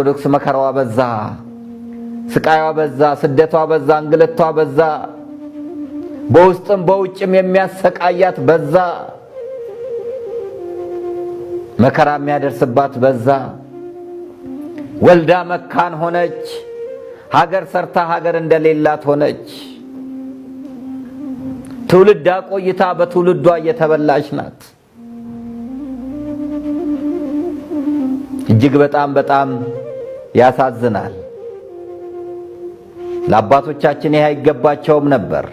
ኦርቶዶክስ መከራዋ በዛ፣ ስቃይዋ በዛ፣ ስደቷ በዛ፣ እንግልቷ በዛ፣ በውስጥም በውጭም የሚያሰቃያት በዛ፣ መከራ የሚያደርስባት በዛ። ወልዳ መካን ሆነች። ሀገር ሰርታ ሀገር እንደሌላት ሆነች። ትውልድ አቆይታ በትውልዷ እየተበላች ናት። እጅግ በጣም በጣም ያሳዝናል። ለአባቶቻችን ይህ አይገባቸውም ነበር።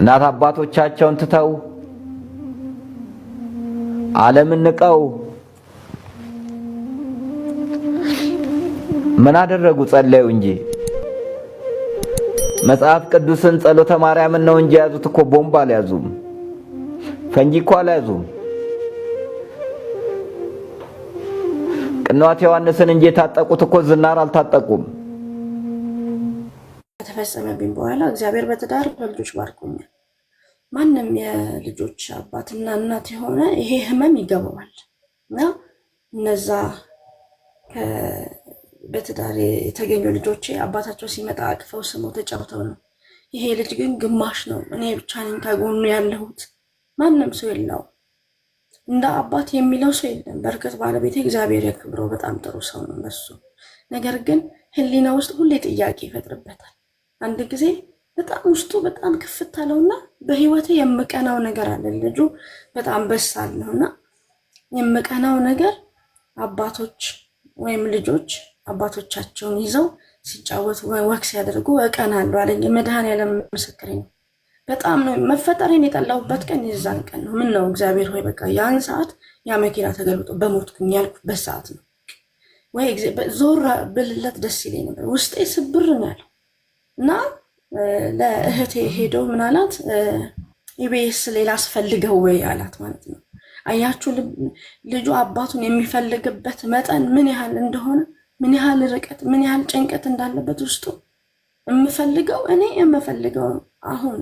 እናት አባቶቻቸውን ትተው ዓለምን ንቀው ምን አደረጉ? ጸለዩ እንጂ መጽሐፍ ቅዱስን ጸሎተ ማርያምን ነው እንጂ ያዙት እኮ ቦምብ አልያዙም፣ ፈንጂ እኮ አልያዙም። ቅንዋት ዮሐንስን እንጂ የታጠቁት እኮ ዝናር አልታጠቁም። ከተፈጸመብኝ በኋላ እግዚአብሔር በትዳር በልጆች ባርኮኛል። ማንም የልጆች አባትና እናት የሆነ ይሄ ህመም ይገባዋል እና እነዛ በትዳር የተገኙ ልጆቼ አባታቸው ሲመጣ አቅፈው ስመው ተጫውተው ነው። ይሄ ልጅ ግን ግማሽ ነው። እኔ ብቻ ነኝ ከጎኑ ያለሁት፣ ማንም ሰው የለው። እንደ አባት የሚለው ሰው የለም። በእርግጥ ባለቤት እግዚአብሔር ያክብረው በጣም ጥሩ ሰው ነው እነሱ። ነገር ግን ህሊና ውስጥ ሁሌ ጥያቄ ይፈጥርበታል። አንድ ጊዜ በጣም ውስጡ በጣም ክፍት አለውና በህይወቴ የምቀናው ነገር አለ። ልጁ በጣም በሳል ነውና የምቀናው ነገር አባቶች ወይም ልጆች አባቶቻቸውን ይዘው ሲጫወቱ ወቅስ ያደርጉ እቀናለሁ አለኝ። መድኃኔዓለም ምስክሬ ነው። በጣም ነው መፈጠሬን የጠላሁበት ቀን የዛን ቀን ነው። ምን ነው እግዚአብሔር ሆይ በቃ ያን ሰዓት ያ መኪና ተገልብጦ በሞትኩኝ ያልኩበት ሰዓት ነው። ወይ ዞር ብልለት ደስ ይለኝ ነበር። ውስጤ ስብር ነው ያለው እና ለእህቴ ሄዶ ምን አላት፣ ኢቢኤስ ሌላ አስፈልገው ወይ አላት ማለት ነው። አያችሁ ልጁ አባቱን የሚፈልግበት መጠን ምን ያህል እንደሆነ፣ ምን ያህል ርቀት፣ ምን ያህል ጭንቀት እንዳለበት ውስጡ። የምፈልገው እኔ የምፈልገው አሁን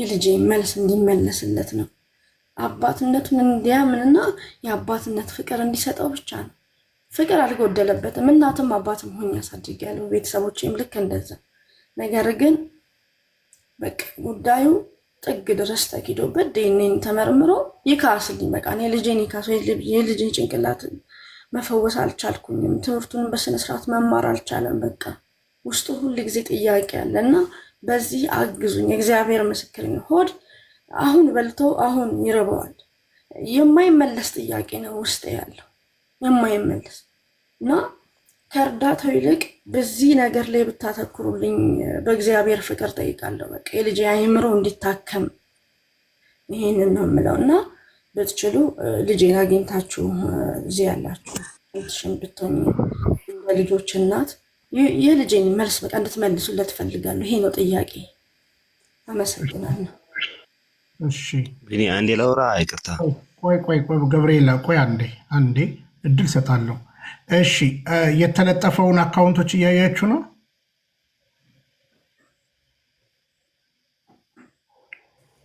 የልጄ መልስ እንዲመለስለት ነው። አባትነቱን እንዲያምንና የአባትነት ፍቅር እንዲሰጠው ብቻ ነው። ፍቅር አልጎደለበትም። እናትም አባትም ሆኜ አሳድጌያለሁ። ቤተሰቦቼም ልክ እንደዛ። ነገር ግን በቃ ጉዳዩ ጥግ ድረስ ተኪዶበት ዴኔን ተመርምሮ ይካስልኝ በቃ የልጄን ይካስ የልጄ ጭንቅላት መፈወስ አልቻልኩኝም። ትምህርቱን በስነስርዓት መማር አልቻለም። በቃ ውስጡ ሁል ጊዜ ጥያቄ አለ እና በዚህ አግዙኝ። እግዚአብሔር ምስክር ሆድ አሁን በልቶ አሁን ይርበዋል። የማይመለስ ጥያቄ ነው ውስጥ ያለው የማይመለስ እና ከእርዳታው ይልቅ በዚህ ነገር ላይ ብታተኩሩልኝ በእግዚአብሔር ፍቅር ጠይቃለሁ። በቃ የልጅ አይምሮ እንዲታከም ይሄንን ነው የምለው እና ብትችሉ ልጄን አግኝታችሁ እዚህ ያላችሁ ትሽን ብትሆኝ እንደ ልጆች እናት የልጄን መልስ በቃ እንድትመልሱለት እፈልጋለሁ። ይሄ ነው ጥያቄ። አመሰግናለሁ። እሺ አንዴ ለውራ ይቅርታ፣ ቆይ ቆይ ቆይ፣ ገብርኤላ ቆይ አንዴ አንዴ እድል ሰጣለሁ። እሺ የተለጠፈውን አካውንቶች እያያችሁ ነው።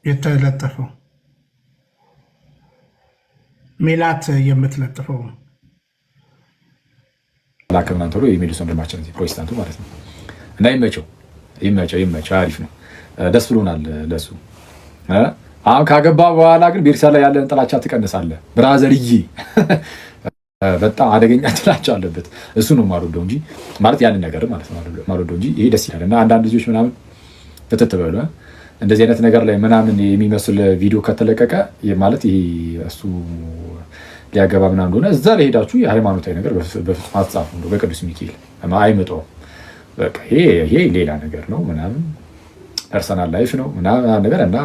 የተለጠፈው ሜላት የምትለጥፈው ነው አላከምናን ተብሎ የሚሉት ወንድማችን ፕሮቴስታንቱ ማለት ነው። እና ይመቸው ይመቸው ይመቸው፣ አሪፍ ነው። ደስ ብሎናል ለሱ። አሁን ካገባ በኋላ ግን ቤርሳ ላይ ያለን ጥላቻ ትቀንሳለህ ብራዘርዬ። በጣም አደገኛ ጥላቻ አለበት። እሱ ነው ማልወደው እንጂ ማለት ያንን ነገር ማለት ነው ማልወደው እንጂ ይሄ ደስ ይላል። እና አንዳንድ ልጆች ምናምን ፍትት በሉ እንደዚህ አይነት ነገር ላይ ምናምን የሚመስል ቪዲዮ ከተለቀቀ ማለት ይሄ እሱ ሊያገባ ምናምን እንደሆነ እዛ ላይ ሄዳችሁ የሃይማኖታዊ ነገር በፍጹም አትጻፉ። እንደው በቅዱስ ሚካኤል አይመጣውም። በቃ ይሄ ሌላ ነገር ነው ምናምን ፐርሰናል ላይፍ ነው ምናምን ነገር እና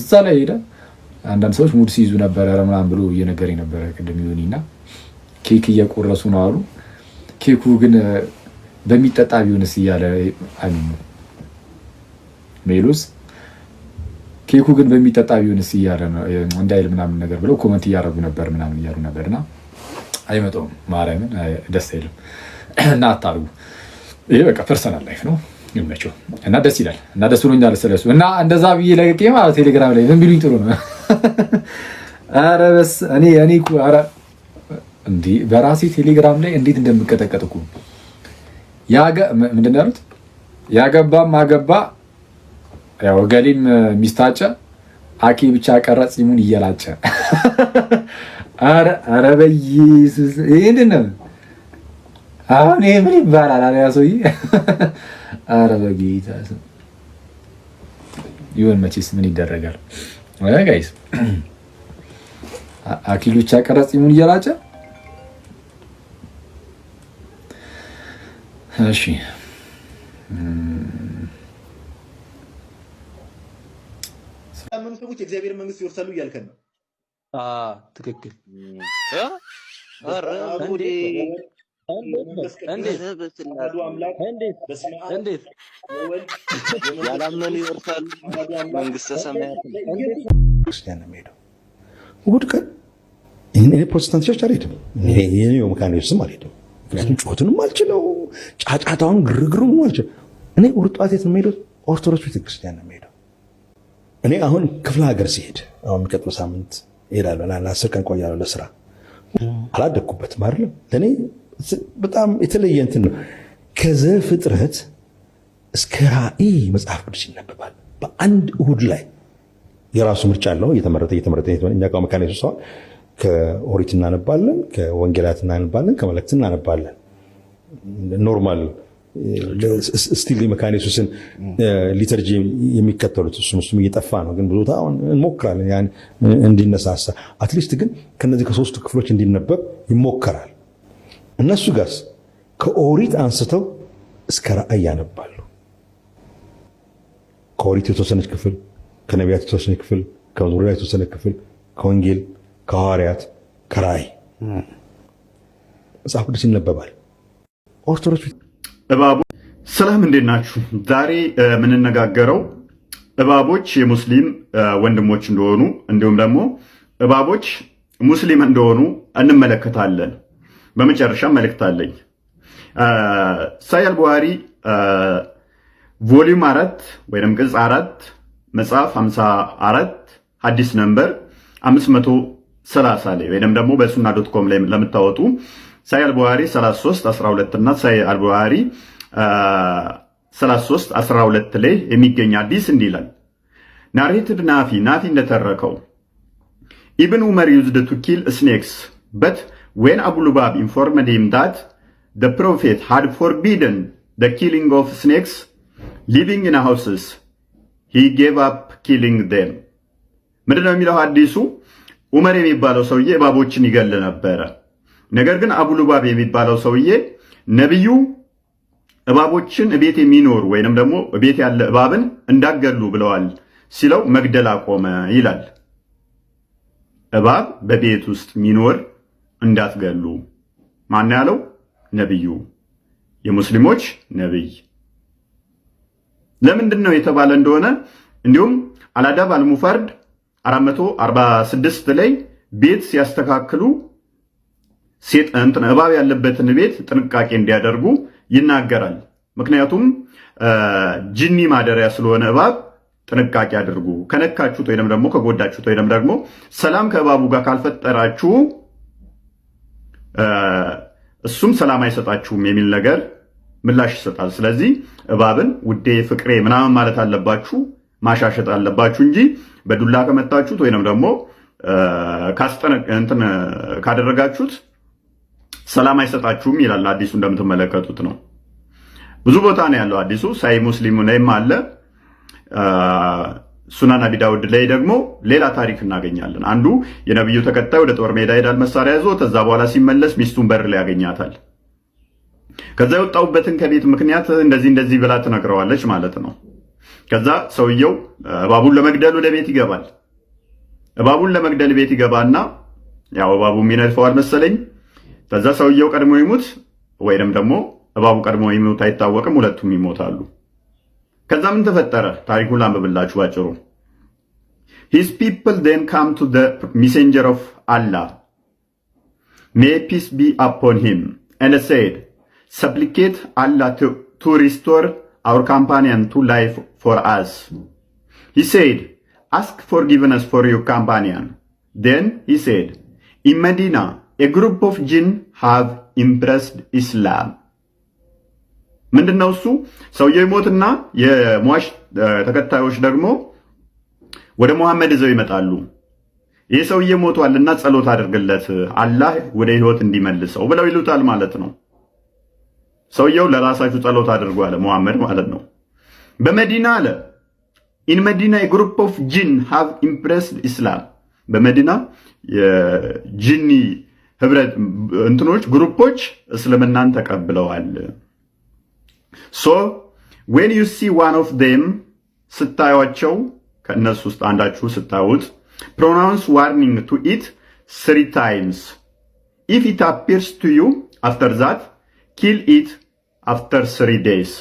እዛ ላይ ሄደ አንዳንድ ሰዎች ሙድ ሲይዙ ነበረ ምናምን ብሎ እየነገር ነበረ ቅድም ይሁኒ እና ኬክ እየቆረሱ ነው አሉ። ኬኩ ግን በሚጠጣ ቢሆንስ እያለ ሜሉስ ኬኩ ግን በሚጠጣ ቢሆንስ እያለ እንዳይል ምናምን ነገር ብለው ኮመንት እያደረጉ ነበር ምናምን እያሉ ነበር። እና አይመጣውም ማርያምን ደስ አይልም። እና አታርጉ። ይህ በቃ ፐርሰናል ላይፍ ነው ይመቸው እና ደስ ይላል እና ደስ ብሎኛል ስለሱ እና እንደዛ ብዬ ለቅቄ ማለት ቴሌግራም ላይ ምን ቢሉኝ ጥሩ ነው። ኧረ በስ እኔ እኔ ኧረ እንዲህ በራሴ ቴሌግራም ላይ እንዴት እንደምቀጠቀጥኩ ምንድን ያሉት ያገባም አገባ ያው ገሊም ሚስታጨ አኪ ብቻ ቀረጽ ይሙን እየላጨ አረ አረ በኢየሱስ አሁን ይህ ምን ይባላል? አረ ያ ሰውዬ አረ በጌታ ይሁን መቼስ ምን ይደረጋል? አረ ጋይስ አኪሉ ብቻ ቀረጽ ይሙን እየላጨ እሺ ያልጠበቁት የእግዚአብሔር መንግስት ይወርሳሉ እያልከን ነው። ትክክል። እንዴት ያላመኑ ይወርሳሉ መንግስተ ሰማያት? እሑድ ቀን እኔ ፕሮቴስታንት ቸርች አልሄድም፣ የመካኒዎስም አልሄድም። ምክንያቱም ጩኸቱንም አልችለው፣ ጫጫታውን ግርግሩም አልችለው። እኔ ጠዋት የት ነው የምሄደው? ኦርቶዶክስ ቤተክርስቲያን ነው የሚሄደው እኔ አሁን ክፍለ ሀገር ሲሄድ አሁን የሚቀጥለው ሳምንት እሄዳለሁ። ለአስር ቀን ቆያለሁ ለስራ። አላደግኩበትም አይደለም። ለእኔ በጣም የተለየ እንትን ነው። ከዘፍጥረት እስከ ራእይ መጽሐፍ ቅዱስ ይነበባል በአንድ እሁድ ላይ። የራሱ ምርጫ አለው። እየተመረጠ እየተመረጠ እኛ ጋር መካኒሱ ሰው ከኦሪት እናነባለን፣ ከወንጌላት እናነባለን፣ ከመለክት እናነባለን። ኖርማል ስቲል መካኒሱስን ሊተርጂ የሚከተሉት እሱም እሱም እየጠፋ ነው። ግን ብዙ አሁን እንሞክራለን ያን እንዲነሳሳ አትሊስት ግን ከነዚህ ከሶስቱ ክፍሎች እንዲነበብ ይሞከራል። እነሱ ጋርስ ከኦሪት አንስተው እስከ ራእይ ያነባሉ። ከኦሪት የተወሰነች ክፍል፣ ከነቢያት የተወሰነች ክፍል፣ ከመዝሙር የተወሰነ ክፍል፣ ከወንጌል፣ ከሐዋርያት፣ ከራእይ መጽሐፍ ቅዱስ ይነበባል ኦርቶዶክስ እባቦ ሰላም እንዴት ናችሁ? ዛሬ የምንነጋገረው እባቦች የሙስሊም ወንድሞች እንደሆኑ እንዲሁም ደግሞ እባቦች ሙስሊም እንደሆኑ እንመለከታለን። በመጨረሻ መልእክት አለኝ። ሳሂህ አልቡኻሪ ቮሊዩም አራት ወይም ቅጽ አራት መጽሐፍ 54 ሐዲስ ነምበር 530 ላይ ወይም ደግሞ በሱና ዶት ኮም ላይ ለምታወጡ ሳይ አልቡሃሪ 33 12 እና ሳይ አልቡሃሪ 33 12 ላይ የሚገኝ አዲስ እንዲህ ይላል። ናሬትድ ናፊ ናፊ እንደተረከው ኢብን ዑመር ዩዝድ ቱ ኪል ስኔክስ በት ዌን አቡሉባብ ኢንፎርመድ ሂም ዳት ደ ፕሮፌት ሃድ ፎርቢደን ደ ኪሊንግ ኦፍ ስኔክስ ሊቪንግ ኢን ሃውስስ ሂ ጌቭ አፕ ኪሊንግ ዴም። ምንድነው የሚለው አዲሱ ዑመር የሚባለው ሰውዬ እባቦችን ይገል ነበረ ነገር ግን ሉባብ የሚባለው ሰውዬ ነቢዩ እባቦችን እቤት የሚኖሩ ወይንም ደግሞ እቤት ያለ እባብን እንዳገሉ ብለዋል ሲለው መግደል አቆመ ይላል። እባብ በቤት ውስጥ የሚኖር እንዳትገሉ ማን ያለው? ነቢዩ፣ የሙስሊሞች ነቢይ። ለምንድን ነው የተባለ እንደሆነ እንዲሁም አላዳብ አልሙፈርድ 446 ላይ ቤት ሲያስተካክሉ እባብ ያለበትን ቤት ጥንቃቄ እንዲያደርጉ ይናገራል። ምክንያቱም ጅኒ ማደሪያ ስለሆነ እባብ ጥንቃቄ አድርጉ። ከነካችሁት ወይም ደግሞ ከጎዳችሁት ወይም ደግሞ ሰላም ከእባቡ ጋር ካልፈጠራችሁ እሱም ሰላም አይሰጣችሁም የሚል ነገር ምላሽ ይሰጣል። ስለዚህ እባብን ውዴ፣ ፍቅሬ ምናምን ማለት አለባችሁ፣ ማሻሸጥ አለባችሁ እንጂ በዱላ ከመታችሁት ወይም ደግሞ ካደረጋችሁት ሰላም አይሰጣችሁም ይላል። አዲሱ እንደምትመለከቱት ነው። ብዙ ቦታ ነው ያለው አዲሱ ሳይ ሙስሊሙ ላይም አለ። ሱናን አቢ ዳውድ ላይ ደግሞ ሌላ ታሪክ እናገኛለን። አንዱ የነቢዩ ተከታይ ወደ ጦር ሜዳ ሄዳል መሳሪያ ይዞ። ከዛ በኋላ ሲመለስ ሚስቱን በር ላይ ያገኛታል። ከዛ የወጣሁበትን ከቤት ምክንያት እንደዚህ እንደዚህ ብላ ትነግረዋለች ማለት ነው። ከዛ ሰውየው እባቡን ለመግደል ወደ ቤት ይገባል። እባቡን ለመግደል ቤት ይገባና ያው እባቡ የሚነድፈው መሰለኝ ከዛ ሰውየው ቀድሞ ይሙት ወይም ደግሞ እባቡ ቀድሞ ይሙት አይታወቅም። ሁለቱም ይሞታሉ። ከዛ ምን ተፈጠረ? ታሪኩን ላንብብላችሁ ባጭሩ። ሂስ ፒፕል ን ካም ቱ ሚሴንጀር ሜሴንጀር ኦፍ አላህ ሜይ ፒስ ቢ አፖን ሂም ኤንድ ሴድ ሰፕሊኬት አላህ ቱ ሪስቶር አወር ካምፓኒያን ቱ ላይፍ ፎር አስ ሂ ሴድ አስክ ፎር ዩር ፎር ዜን ሂ ሴድ ኢን መዲና ኤ ግሩፕ ኦፍ ጂን ሃቭ ኢምፕረስድ ኢስላም ምንድን ነው እሱ? ሰውየው ይሞትና የሟች ተከታዮች ደግሞ ወደ መሐመድ ይዘው ይመጣሉ። ይህ ሰውዬ ሞቷልና ጸሎት አድርግለት አላህ ወደ ህይወት እንዲመልሰው ብለው ይሉታል ማለት ነው። ሰውየው ለራሳችሁ ጸሎት አድርጉ አለ መሐመድ ማለት ነው። በመዲና አለ ኢን መዲና የግሩፕ ኦፍ ጂን ሃቭ ኢምፕረስድ ኢስላም በመዲና የጂኒ እንትኖች ግሩፖች እስልምናን ተቀብለዋል። ሶ ዌን ዩ ሲ ዋን ኦፍ ዴም ስታዩቸው ከእነሱ ውስጥ አንዳችሁ ስታዩት ፕሮናውንስ ዋርኒንግ ቱ ኢት ስሪ ታይምስ ኢፍ ኢት አፒርስ ቱ ዩ አፍተር ዛት ኪል ኢት አፍተር ስሪ ዴይስ።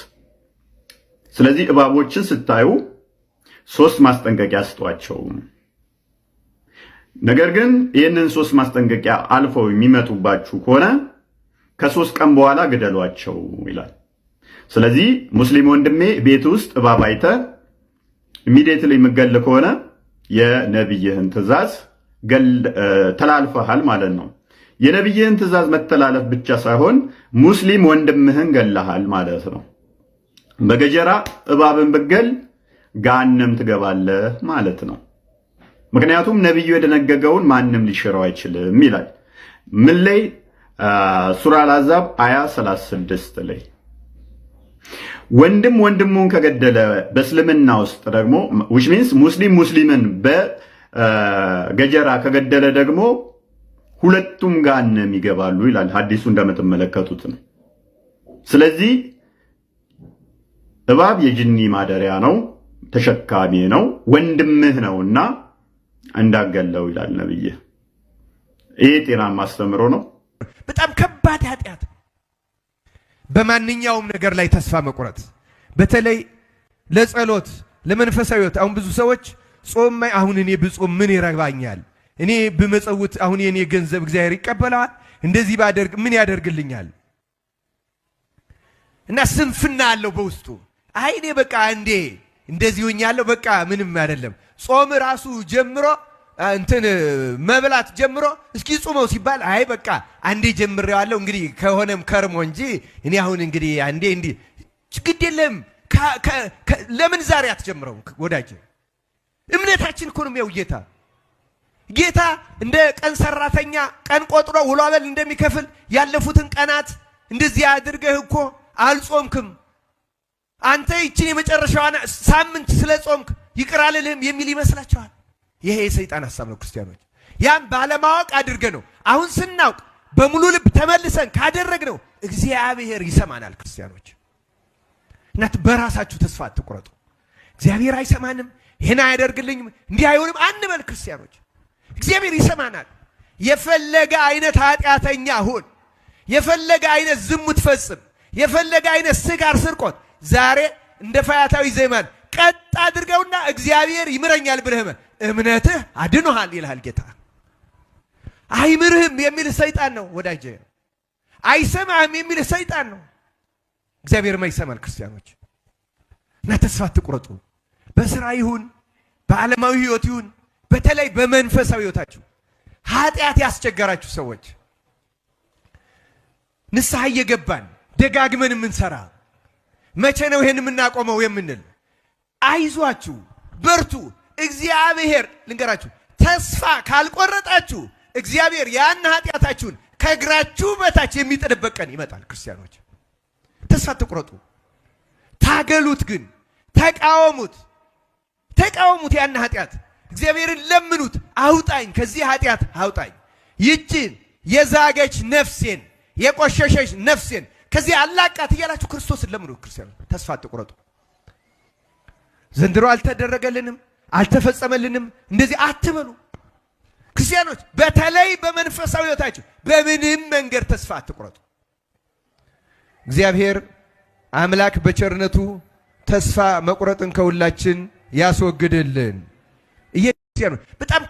ስለዚህ እባቦችን ስታዩ ሶስት ማስጠንቀቂያ ስጧቸው። ነገር ግን ይህንን ሶስት ማስጠንቀቂያ አልፈው የሚመጡባችሁ ከሆነ ከሶስት ቀን በኋላ ግደሏቸው ይላል። ስለዚህ ሙስሊም ወንድሜ ቤት ውስጥ እባብ አይተ ኢሚዲየትሊ የምገል ከሆነ የነብይህን ትእዛዝ ተላልፈሃል ማለት ነው። የነብይህን ትእዛዝ መተላለፍ ብቻ ሳይሆን ሙስሊም ወንድምህን ገላሃል ማለት ነው። በገጀራ እባብን ብገል ጋንም ትገባለህ ማለት ነው። ምክንያቱም ነቢዩ የደነገገውን ማንም ሊሽረው አይችልም ይላል። ምን ላይ? ሱራ አልአሕዛብ አያ 36 ላይ ወንድም ወንድሙን ከገደለ በእስልምና ውስጥ ደግሞ ዊች ሚንስ ሙስሊም ሙስሊምን በገጀራ ከገደለ ደግሞ ሁለቱም ገሃነም ይገባሉ ይላል ሀዲሱ እንደምትመለከቱት ነው። ስለዚህ እባብ የጅኒ ማደሪያ ነው፣ ተሸካሚ ነው፣ ወንድምህ ነውና እንዳገለው ይላል ነብይ። ይህ ጤናማ አስተምሮ ነው። በጣም ከባድ ኃጢአት። በማንኛውም ነገር ላይ ተስፋ መቁረጥ፣ በተለይ ለጸሎት ለመንፈሳዊ ሕይወት። አሁን ብዙ ሰዎች ጾም፣ አሁን እኔ ብጾም ምን ይረባኛል? እኔ ብመጸውት አሁን የኔ ገንዘብ እግዚአብሔር ይቀበለዋል? እንደዚህ ባደርግ ምን ያደርግልኛል? እና ስንፍና አለው በውስጡ አይኔ በቃ እንዴ እንደዚህ ሆኛለሁ በቃ ምንም አይደለም ጾም ራሱ ጀምሮ እንትን መብላት ጀምሮ እስኪ ጾመው ሲባል አይ በቃ አንዴ ጀምሬዋለሁ እንግዲህ ከሆነም ከርሞ እንጂ እኔ አሁን እንግዲህ አንዴ እንዲህ ግድ የለም። ለምን ዛሬ አትጀምረው ወዳጅ? እምነታችን እኮ ነው ጌታ ጌታ እንደ ቀን ሰራተኛ ቀን ቆጥሮ ውሎ አበል እንደሚከፍል ያለፉትን ቀናት እንደዚህ አድርገህ እኮ አልጾምክም አንተ ይችን የመጨረሻዋን ሳምንት ስለ ጾምክ ይቅር አልልህም የሚል ይመስላችኋል? ይሄ የሰይጣን ሀሳብ ነው። ክርስቲያኖች ያም ባለማወቅ አድርገ ነው። አሁን ስናውቅ በሙሉ ልብ ተመልሰን ካደረግነው እግዚአብሔር ይሰማናል። ክርስቲያኖች እናት በራሳችሁ ተስፋ አትቁረጡ። እግዚአብሔር አይሰማንም፣ ይህን አያደርግልኝም፣ እንዲህ አይሆንም አንበል። ክርስቲያኖች እግዚአብሔር ይሰማናል። የፈለገ አይነት ኃጢአተኛ ሁን፣ የፈለገ አይነት ዝሙት ፈጽም፣ የፈለገ አይነት ስጋር ስርቆት ዛሬ እንደ ፈያታዊ ዘይማን ቀጥ አድርገውና እግዚአብሔር ይምረኛል ብለህ እምነትህ አድኖሃል ይልሃል ጌታ። አይምርህም የሚል ሰይጣን ነው ወዳጄ። አይሰማህም የሚል ሰይጣን ነው። እግዚአብሔርማ ይሰማል። ክርስቲያኖች እና ተስፋ ትቁረጡ። በስራ ይሁን በዓለማዊ ህይወት ይሁን በተለይ በመንፈሳዊ ህይወታችሁ ኃጢአት ያስቸገራችሁ ሰዎች ንስሐ እየገባን ደጋግመን የምንሰራ መቼ ነው ይሄን የምናቆመው የምንል አይዟችሁ፣ በርቱ። እግዚአብሔር ልንገራችሁ፣ ተስፋ ካልቆረጣችሁ እግዚአብሔር ያን ኃጢአታችሁን ከእግራችሁ በታች የሚጥልበት ቀን ይመጣል። ክርስቲያኖች ተስፋ ትቁረጡ፣ ታገሉት፣ ግን ተቃወሙት፣ ተቃወሙት። ያን ኃጢአት እግዚአብሔርን ለምኑት። አውጣኝ፣ ከዚህ ኃጢአት አውጣኝ፣ ይችን የዛገች ነፍሴን፣ የቆሸሸች ነፍሴን ከዚህ አላቃት እያላችሁ ክርስቶስን ለምኑ። ክርስቲያኖች ተስፋ ትቁረጡ። ዘንድሮ አልተደረገልንም፣ አልተፈጸመልንም እንደዚህ አትበሉ። ክርስቲያኖች በተለይ በመንፈሳዊ ሕይወታችሁ በምንም መንገድ ተስፋ አትቁረጡ። እግዚአብሔር አምላክ በቸርነቱ ተስፋ መቁረጥን ከሁላችን ያስወግድልን። በጣም